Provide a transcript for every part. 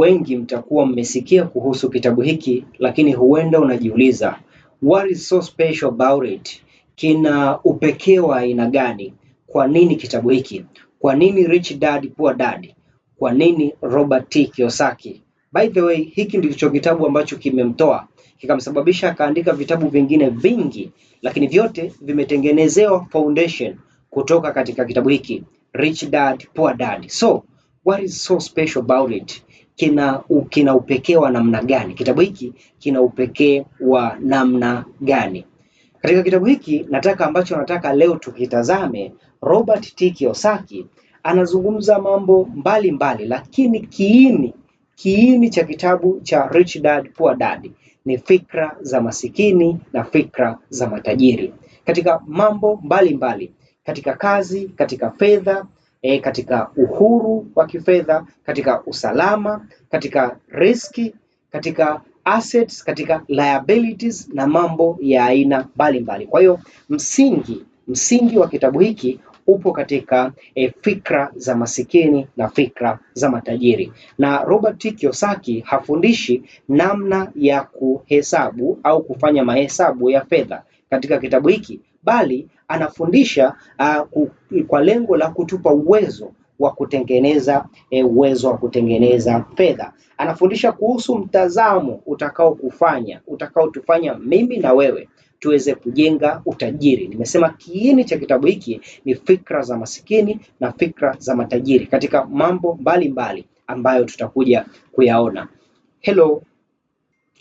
wengi mtakuwa mmesikia kuhusu kitabu hiki lakini huenda unajiuliza what is so special about it? Kina upekee wa aina gani? Kwa nini kitabu hiki? Kwa nini Rich Dad Poor Dad? Kwa nini Robert T. Kiyosaki? By the way, hiki ndicho kitabu ambacho kimemtoa kikamsababisha akaandika vitabu vingine vingi, lakini vyote vimetengenezewa foundation kutoka katika kitabu hiki Rich Dad Poor Dad. So what is so special about it? kina, kina upekee wa namna gani? Kitabu hiki kina upekee wa namna gani? Katika kitabu hiki nataka ambacho nataka leo tukitazame, Robert T. Kiyosaki anazungumza mambo mbalimbali mbali, lakini kiini kiini cha kitabu cha Rich Dad Poor Dad ni fikra za masikini na fikra za matajiri katika mambo mbalimbali mbali, katika kazi, katika fedha, e, katika uhuru wa kifedha, katika usalama, katika riski, katika assets, katika liabilities na mambo ya aina mbalimbali. Kwa hiyo msingi msingi wa kitabu hiki upo katika e, fikra za masikini na fikra za matajiri, na Robert T. Kiyosaki hafundishi namna ya kuhesabu au kufanya mahesabu ya fedha katika kitabu hiki, bali anafundisha uh, kwa lengo la kutupa uwezo wa kutengeneza eh, uwezo wa kutengeneza fedha. Anafundisha kuhusu mtazamo utakaokufanya utakaotufanya mimi na wewe tuweze kujenga utajiri. Nimesema kiini cha kitabu hiki ni fikra za masikini na fikra za matajiri katika mambo mbalimbali mbali ambayo tutakuja kuyaona. Hello,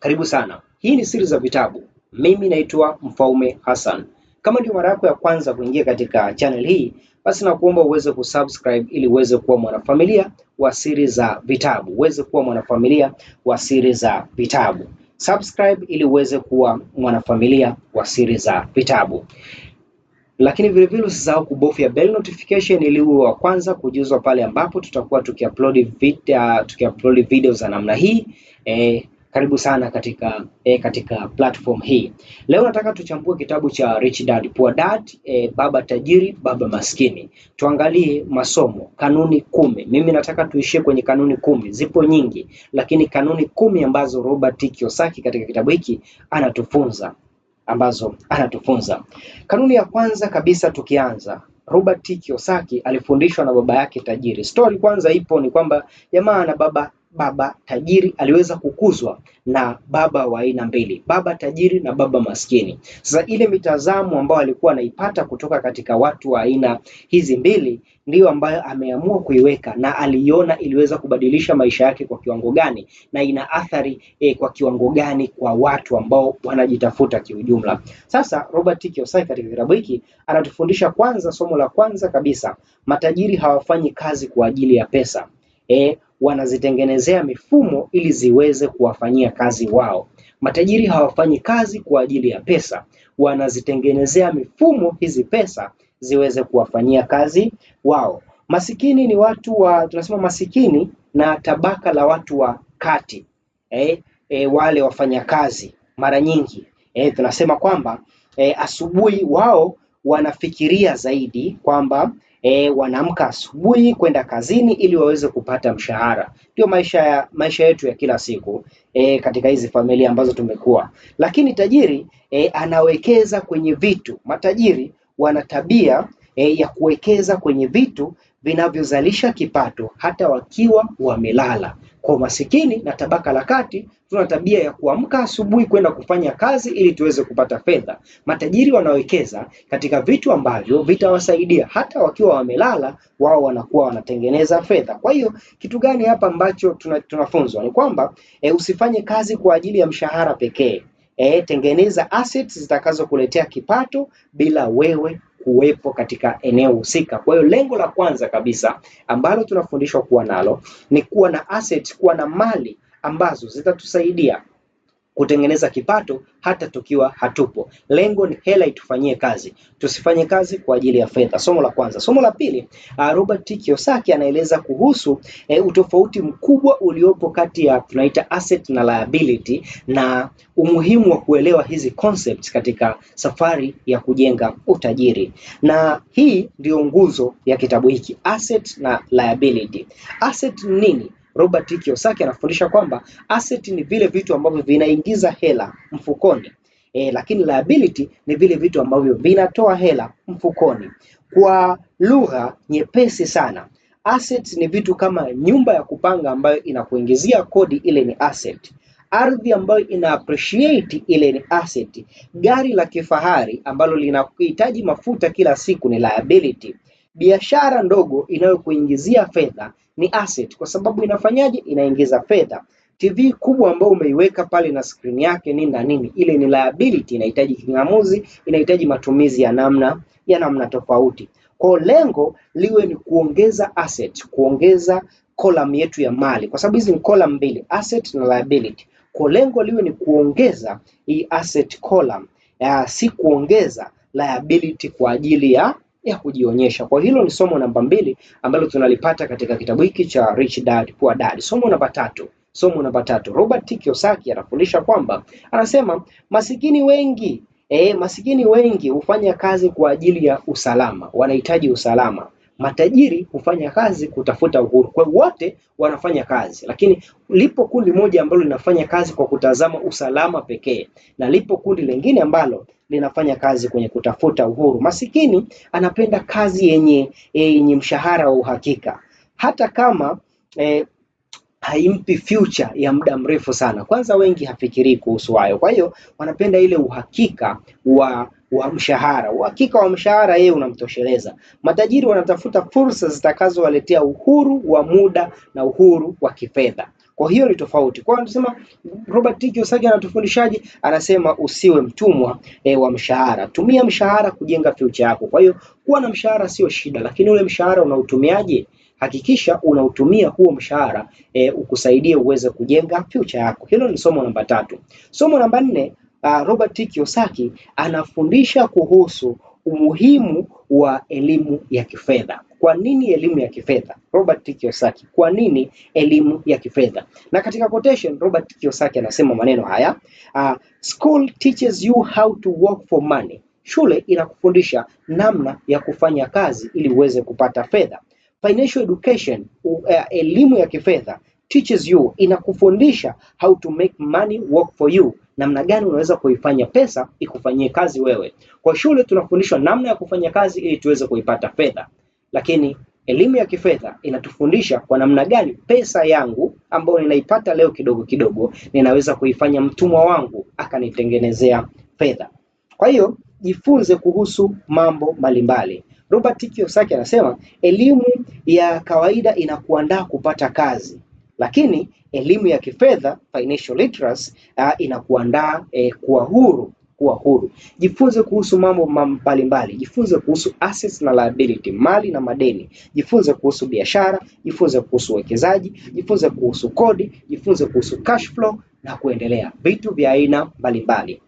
karibu sana. Hii ni siri za vitabu. Mimi naitwa Mfaume Hassan. Kama ndio mara yako ya kwanza kuingia katika channel hii, basi nakuomba uweze kusubscribe ili uweze kuwa mwanafamilia wa siri za vitabu, uweze kuwa mwanafamilia wa siri za vitabu. Subscribe ili uweze kuwa mwanafamilia wa siri za vitabu. Lakini vilevile usisahau kubofya bell notification ili uwe wa kwanza kujuzwa pale ambapo tutakuwa tukiupload video, tukiupload video za namna hii eh, karibu sana katika e, katika platform hii. Leo nataka tuchambue kitabu cha Rich Dad Poor Dad, e, baba tajiri baba maskini. Tuangalie masomo, kanuni kumi. Mimi nataka tuishie kwenye kanuni kumi, zipo nyingi, lakini kanuni kumi ambazo Robert Kiyosaki katika kitabu hiki anatufunza ambazo anatufunza. Kanuni ya kwanza kabisa tukianza Robert Kiyosaki alifundishwa na baba yake tajiri. Stori kwanza ipo ni kwamba jamaa na baba baba tajiri aliweza kukuzwa na baba wa aina mbili, baba tajiri na baba maskini. Sasa ile mitazamo ambayo alikuwa anaipata kutoka katika watu wa aina hizi mbili ndiyo ambayo ameamua kuiweka na aliona iliweza kubadilisha maisha yake kwa kiwango gani na ina athari eh, kwa kiwango gani kwa watu ambao wanajitafuta kiujumla. Sasa Robert Kiyosaki katika kitabu hiki anatufundisha kwanza, somo la kwanza kabisa, matajiri hawafanyi kazi kwa ajili ya pesa. eh, wanazitengenezea mifumo ili ziweze kuwafanyia kazi wao. Matajiri hawafanyi kazi kwa ajili ya pesa, wanazitengenezea mifumo hizi pesa ziweze kuwafanyia kazi wao. Masikini ni watu wa, tunasema masikini na tabaka la watu wa kati eh, eh, wale wafanyakazi mara nyingi eh, tunasema kwamba eh, asubuhi wao wanafikiria zaidi kwamba e, wanaamka asubuhi kwenda kazini ili waweze kupata mshahara. Ndio maisha ya maisha yetu ya kila siku e, katika hizi familia ambazo tumekuwa. Lakini tajiri e, anawekeza kwenye vitu. Matajiri wana tabia e, ya kuwekeza kwenye vitu vinavyozalisha kipato hata wakiwa wamelala. Kwa masikini na tabaka la kati tuna tabia ya kuamka asubuhi kwenda kufanya kazi ili tuweze kupata fedha. Matajiri wanawekeza katika vitu ambavyo vitawasaidia hata wakiwa wamelala, wao wanakuwa wanatengeneza fedha. Kwa hiyo kitu gani hapa ambacho tunafunzwa ni kwamba e, usifanye kazi kwa ajili ya mshahara pekee. E, tengeneza assets zitakazokuletea kipato bila wewe kuwepo katika eneo husika. Kwa hiyo lengo la kwanza kabisa ambalo tunafundishwa kuwa nalo ni kuwa na asset, kuwa na mali ambazo zitatusaidia kutengeneza kipato hata tukiwa hatupo. Lengo ni hela itufanyie kazi, tusifanye kazi kwa ajili ya fedha. Somo la kwanza. Somo la pili, uh, Robert T. Kiyosaki anaeleza kuhusu eh, utofauti mkubwa uliopo kati ya tunaita asset na liability na umuhimu wa kuelewa hizi concepts katika safari ya kujenga utajiri, na hii ndio nguzo ya kitabu hiki, asset na liability. Asset nini? Robert Kiyosaki anafundisha kwamba asset ni vile vitu ambavyo vinaingiza hela mfukoni. E, lakini liability ni vile vitu ambavyo vinatoa hela mfukoni. Kwa lugha nyepesi sana, assets ni vitu kama nyumba ya kupanga ambayo inakuingizia kodi, ile ni asset. Ardhi ambayo ina appreciate, ile ni asset. Gari la kifahari ambalo linahitaji mafuta kila siku ni liability biashara ndogo inayokuingizia fedha ni asset kwa sababu inafanyaje? Inaingiza fedha. TV kubwa ambayo umeiweka pale na skrini yake nini na nini, ile ni liability, inahitaji king'amuzi, inahitaji matumizi ya namna ya namna tofauti. Kwa lengo liwe ni kuongeza asset, kuongeza column yetu ya mali, kwa sababu hizi ni column mbili, asset na liability. Kwa lengo liwe ni kuongeza hii asset column, ah, si kuongeza liability kwa ajili ya ya kujionyesha. Kwa hilo ni somo namba mbili ambalo tunalipata katika kitabu hiki cha Rich Dad Poor Dad. Somo namba tatu somo namba tatu, Robert T. Kiyosaki anafundisha kwamba anasema masikini wengi E, masikini wengi hufanya kazi kwa ajili ya usalama, wanahitaji usalama matajiri hufanya kazi kutafuta uhuru. Kwa wote wanafanya kazi, lakini lipo kundi moja ambalo linafanya kazi kwa kutazama usalama pekee, na lipo kundi lingine ambalo linafanya kazi kwenye kutafuta uhuru. Masikini anapenda kazi yenye, yenye mshahara wa uhakika hata kama eh, haimpi future ya muda mrefu sana. Kwanza wengi hafikirii kuhusu hayo, kwa hiyo wanapenda ile uhakika wa wa mshahara, uhakika wa mshahara yeye unamtosheleza. Matajiri wanatafuta fursa zitakazowaletea uhuru wa muda na uhuru wa kifedha. Kwa hiyo ni tofauti. Kwa anasema Robert T. Kiyosaki anatufundishaje? Anasema usiwe mtumwa e, wa mshahara. Tumia mshahara kujenga future yako. Kwa hiyo kuwa na mshahara sio shida, lakini ule mshahara unautumiaje? Hakikisha unautumia huo mshahara e, ukusaidie uweze kujenga future yako. Hilo ni somo namba tatu. Somo namba nne uh, Robert Kiyosaki anafundisha kuhusu umuhimu wa elimu ya kifedha. Kwa nini elimu ya kifedha? Robert Kiyosaki, kwa nini elimu ya kifedha? Na katika quotation, Robert Kiyosaki anasema maneno haya uh, school teaches you how to work for money. Shule inakufundisha namna ya kufanya kazi ili uweze kupata fedha. Financial education, uh, elimu ya kifedha teaches you, inakufundisha how to make money work for you, namna gani unaweza kuifanya pesa ikufanyie kazi wewe. Kwa shule tunafundishwa namna ya kufanya kazi ili tuweze kuipata fedha, lakini elimu ya kifedha inatufundisha kwa namna gani pesa yangu ambayo ninaipata leo kidogo kidogo, ninaweza kuifanya mtumwa wangu akanitengenezea fedha. Kwa hiyo jifunze kuhusu mambo mbalimbali. Robert Kiyosaki anasema elimu ya kawaida inakuandaa kupata kazi, lakini elimu ya kifedha financial literacy uh, inakuandaa eh, kuwa huru kuwa huru. Jifunze kuhusu mambo mbalimbali, jifunze kuhusu assets na liability, mali na madeni, jifunze kuhusu biashara, jifunze kuhusu uwekezaji, jifunze kuhusu kodi, jifunze kuhusu cash flow na kuendelea, vitu vya aina mbalimbali.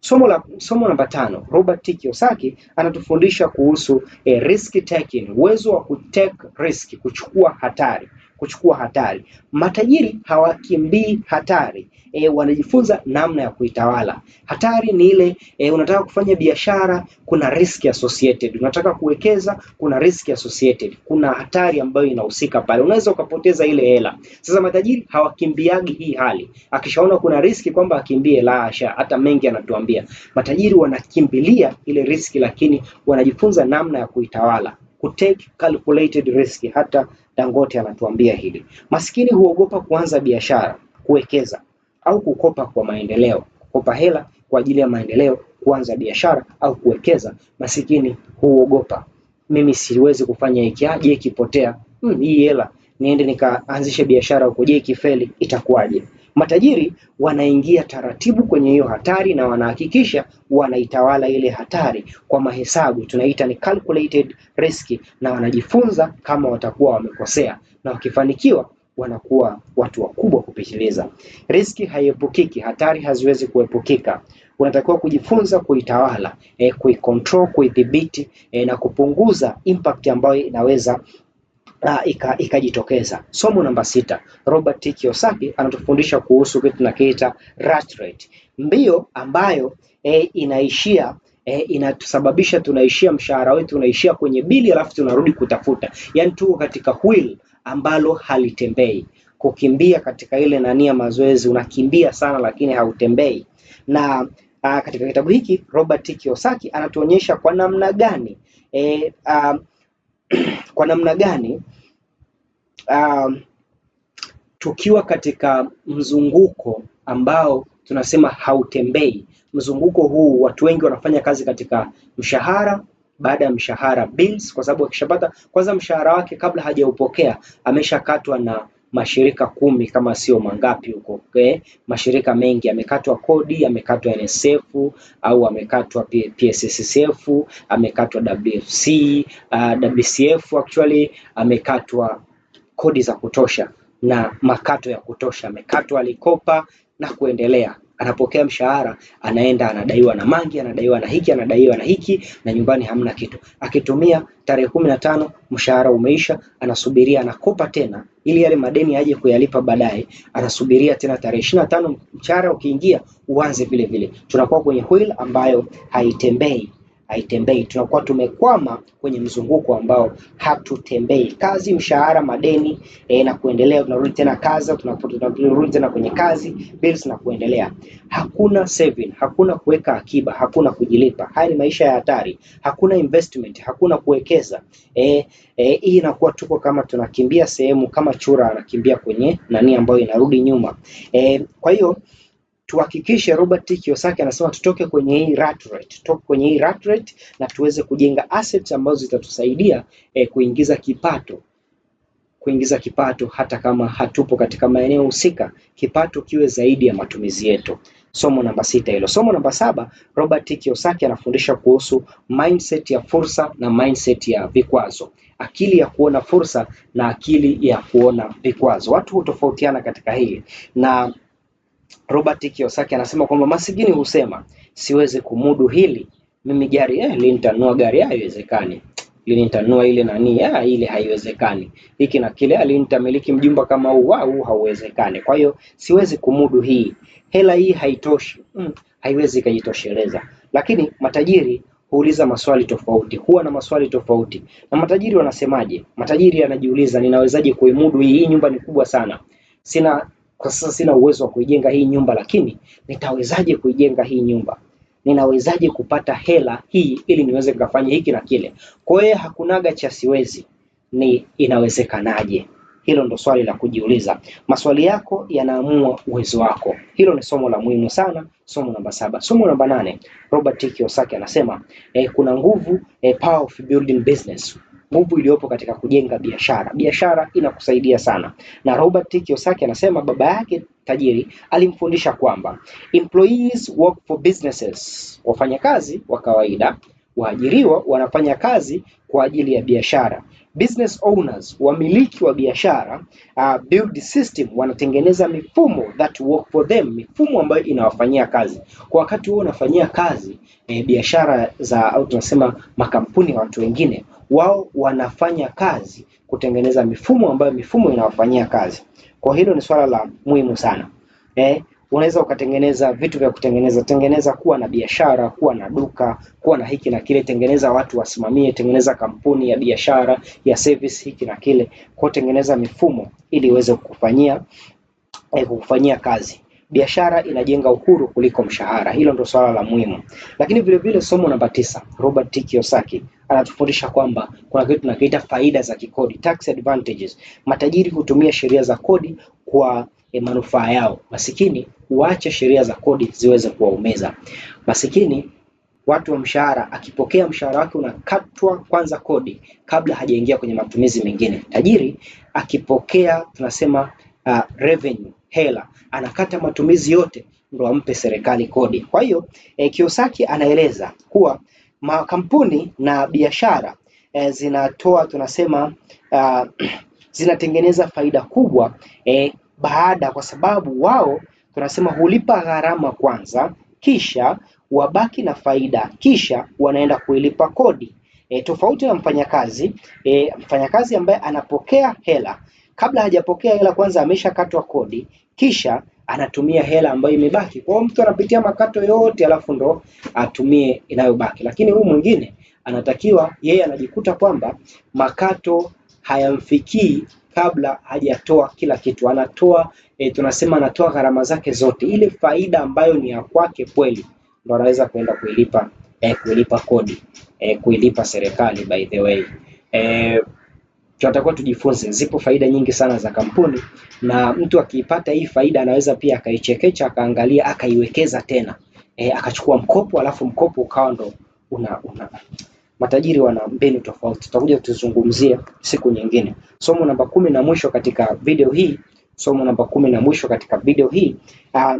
Somo la somo namba tano, Robert T. Kiyosaki anatufundisha kuhusu eh, risk taking, uwezo wa kutake risk, kuchukua hatari kuchukua hatari. Matajiri hawakimbii hatari e, wanajifunza namna ya kuitawala hatari. Ni ile e, unataka kufanya biashara, kuna risk associated. Unataka kuwekeza, kuna risk associated, kuna hatari ambayo inahusika pale, unaweza ukapoteza ile hela. Sasa matajiri hawakimbiagi hii hali, akishaona kuna risk kwamba akimbie, la hasha. Hata mengi anatuambia matajiri wanakimbilia ile risk, lakini wanajifunza namna ya kuitawala kutake calculated risk. Hata Dangote anatuambia hili. Maskini huogopa kuanza biashara, kuwekeza au kukopa kwa maendeleo, kukopa hela kwa ajili ya maendeleo, kuanza biashara au kuwekeza. Masikini huogopa, mimi siwezi kufanya hiki, ah, je, ikipotea? Hmm, hii hela niende nikaanzishe biashara huko, je, ikifeli itakuwaje? Matajiri wanaingia taratibu kwenye hiyo hatari na wanahakikisha wanaitawala ile hatari kwa mahesabu, tunaita ni calculated risk, na wanajifunza kama watakuwa wamekosea, na wakifanikiwa wanakuwa watu wakubwa kupitiliza. Riski haiepukiki, hatari haziwezi kuepukika. Unatakiwa kujifunza kuitawala, eh, kuicontrol, kuidhibiti eh, na kupunguza impact ambayo inaweza uh, ikajitokeza. Ika somo namba sita, Robert T. Kiyosaki anatufundisha kuhusu kitu tunakiita rat rate, mbio ambayo eh, inaishia E, inatusababisha tunaishia mshahara wetu unaishia kwenye bili, alafu tunarudi kutafuta. Yaani tuko katika wheel ambalo halitembei, kukimbia katika ile nani ya mazoezi, unakimbia sana lakini hautembei. Na a, katika kitabu hiki Robert Kiyosaki anatuonyesha kwa namna gani e, a, kwa namna gani um, tukiwa katika mzunguko ambao tunasema hautembei. Mzunguko huu watu wengi wanafanya kazi katika mshahara baada ya mshahara bills, kwa sababu akishapata kwanza mshahara wake kabla hajaupokea ameshakatwa na mashirika kumi kama sio mangapi huko okay? Mashirika mengi yamekatwa kodi, yamekatwa NSSF au amekatwa PSSSF, amekatwa WFC, uh, WCF actually amekatwa kodi za kutosha na makato ya kutosha, amekatwa alikopa na kuendelea anapokea mshahara, anaenda anadaiwa na mangi, anadaiwa na hiki, anadaiwa na hiki, na nyumbani hamna kitu. Akitumia tarehe kumi na tano mshahara umeisha, anasubiria anakopa tena ili yale madeni aje kuyalipa baadaye, anasubiria tena tarehe ishirini na tano mshahara ukiingia uanze vile vile. Tunakuwa kwenye wheel ambayo haitembei haitembei. Tunakuwa tumekwama kwenye mzunguko ambao hatutembei. Kazi, mshahara, madeni e, na kuendelea, tunarudi tena kazi, tunarudi tena kwenye kazi, bills na kuendelea. Hakuna saving, hakuna kuweka akiba, hakuna kujilipa. Haya ni maisha ya hatari. Hakuna investment, hakuna kuwekeza. E, e, hii inakuwa tuko kama tunakimbia sehemu kama chura anakimbia kwenye nani ambayo inarudi nyuma. E, kwa hiyo tuhakikishe Robert T. Kiyosaki anasema tutoke kwenye hii rat rate, tutoke kwenye hii rat rate na tuweze kujenga assets ambazo zitatusaidia eh, kuingiza kipato kuingiza kipato hata kama hatupo katika maeneo husika, kipato kiwe zaidi ya matumizi yetu. Somo namba sita hilo. Somo namba saba, Robert T. Kiyosaki anafundisha kuhusu mindset ya fursa na mindset ya vikwazo, akili ya kuona fursa na akili ya kuona vikwazo. Watu hutofautiana katika hili na Robert Kiyosaki anasema kwamba masikini husema siwezi kumudu hili, mimi gari eh, linitanua gari ah, haiwezekani, linitanua ile nani eh, ile haiwezekani, hiki na kile, alinitamiliki ah, mjumba kama huu, au hauwezekani, kwa hiyo siwezi kumudu hii, hela hii haitoshi, mm, haiwezi ikajitosheleza. Lakini matajiri huuliza maswali tofauti, huwa na maswali tofauti. Na matajiri wanasemaje? Matajiri anajiuliza, ninawezaje kuimudu hii? Hii nyumba ni kubwa sana, sina kwa sasa sina uwezo wa kuijenga hii nyumba, lakini nitawezaje kuijenga hii nyumba? Ninawezaje kupata hela hii ili niweze kufanya hiki na kile? Kwa hiyo hakunaga cha siwezi, ni inawezekanaje? Hilo ndo swali la kujiuliza. Maswali yako yanaamua uwezo wako. Hilo ni somo la muhimu sana, somo namba saba. Somo namba nane, Robert T. Kiyosaki anasema eh, kuna nguvu eh, power of building business nguvu iliyopo katika kujenga biashara. Biashara inakusaidia sana, na Robert Kiyosaki anasema baba yake tajiri alimfundisha kwamba employees work for businesses, wafanyakazi wa kawaida waajiriwa wanafanya kazi kwa ajili ya biashara business owners, wamiliki wa biashara uh, build system, wanatengeneza mifumo that work for them, mifumo ambayo inawafanyia kazi kwa wakati huo unafanyia kazi eh, biashara za au tunasema makampuni ya watu wengine, wao wanafanya kazi kutengeneza mifumo ambayo mifumo inawafanyia kazi. Kwa hilo ni swala la muhimu sana eh, unaweza ukatengeneza vitu vya kutengeneza tengeneza, kuwa na biashara, kuwa na duka, kuwa na hiki na kile, tengeneza watu wasimamie, tengeneza kampuni ya biashara ya service, hiki na kile, kwa tengeneza mifumo ili iweze kukufanyia eh, kukufanyia kazi. Biashara inajenga uhuru kuliko mshahara. Hilo ndo swala la muhimu. Lakini vile vile somo namba tisa, Robert T. Kiyosaki anatufundisha kwamba kuna kitu tunakiita faida za kikodi, tax advantages. Matajiri hutumia sheria za kodi kwa eh, manufaa yao, masikini kuacha sheria za kodi ziweze kuwaumeza masikini. Watu wa mshahara, akipokea mshahara wake unakatwa kwanza kodi kabla hajaingia kwenye matumizi mengine. Tajiri akipokea tunasema uh, revenue hela, anakata matumizi yote ndo ampe serikali kodi. Kwa hiyo eh, Kiyosaki anaeleza kuwa makampuni na biashara eh, zinatoa tunasema uh, zinatengeneza faida kubwa eh, baada kwa sababu wao tunasema hulipa gharama kwanza, kisha wabaki na faida, kisha wanaenda kuilipa kodi. E, tofauti na mfanyakazi e, mfanyakazi ambaye anapokea hela kabla hajapokea hela kwanza ameshakatwa kodi, kisha anatumia hela ambayo imebaki. Kwa hiyo mtu anapitia makato yote alafu ndo atumie inayobaki, lakini huyu mwingine anatakiwa yeye anajikuta kwamba makato hayamfikii kabla hajatoa kila kitu, anatoa e, tunasema anatoa gharama zake zote, ile faida ambayo ni ya kwake kweli ndo anaweza kuenda kuilipa e, kuilipa kodi e, kuilipa serikali. By the way e, tunatakiwa tujifunze, zipo faida nyingi sana za kampuni, na mtu akiipata hii faida anaweza pia akaichekecha, akaangalia, akaiwekeza tena e, akachukua mkopo, alafu mkopo ukawa ndo una, una matajiri wana mbinu tofauti, tutakuja tuzungumzie siku nyingine. Somo namba kumi na mwisho katika video hii, somo namba kumi na mwisho katika video hii uh,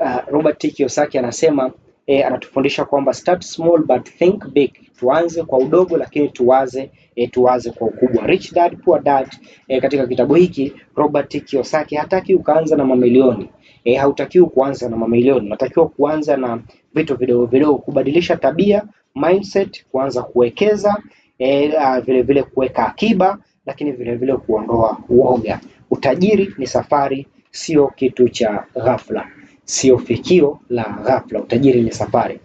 uh, Robert T. Kiyosaki anasema E, anatufundisha kwamba start small but think big, tuanze kwa udogo lakini tuwaze e, tuwaze kwa ukubwa. Rich Dad Poor Dad e, katika kitabu hiki Robert Kiyosaki hataki ukaanza na mamilioni e, hautakiwi kuanza na mamilioni, unatakiwa kuanza na vitu vidogo vidogo, kubadilisha tabia mindset, kuanza kuwekeza e, vile vile kuweka akiba, lakini vile vile kuondoa uoga. Utajiri ni safari, sio kitu cha ghafla, sio fikio la ghafla. Utajiri ni safari.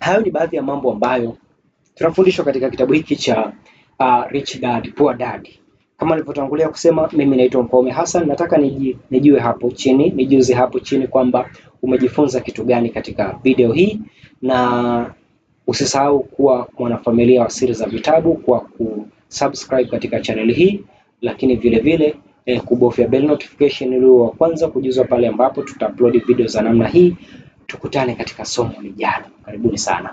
Hayo ni baadhi ya mambo ambayo tunafundishwa katika kitabu hiki cha uh, Rich Dad Poor Dad. Kama nilivyotangulia kusema, mimi naitwa Mkome Hassan. Nataka niji, nijue hapo chini nijuze hapo chini kwamba umejifunza kitu gani katika video hii na Usisahau kuwa mwanafamilia wa Siri za Vitabu kwa kusubscribe katika channel hii, lakini vile vile eh, kubofya bell notification ili wa kwanza kujuzwa pale ambapo tutaupload video za namna hii. Tukutane katika somo lijalo. Karibuni sana.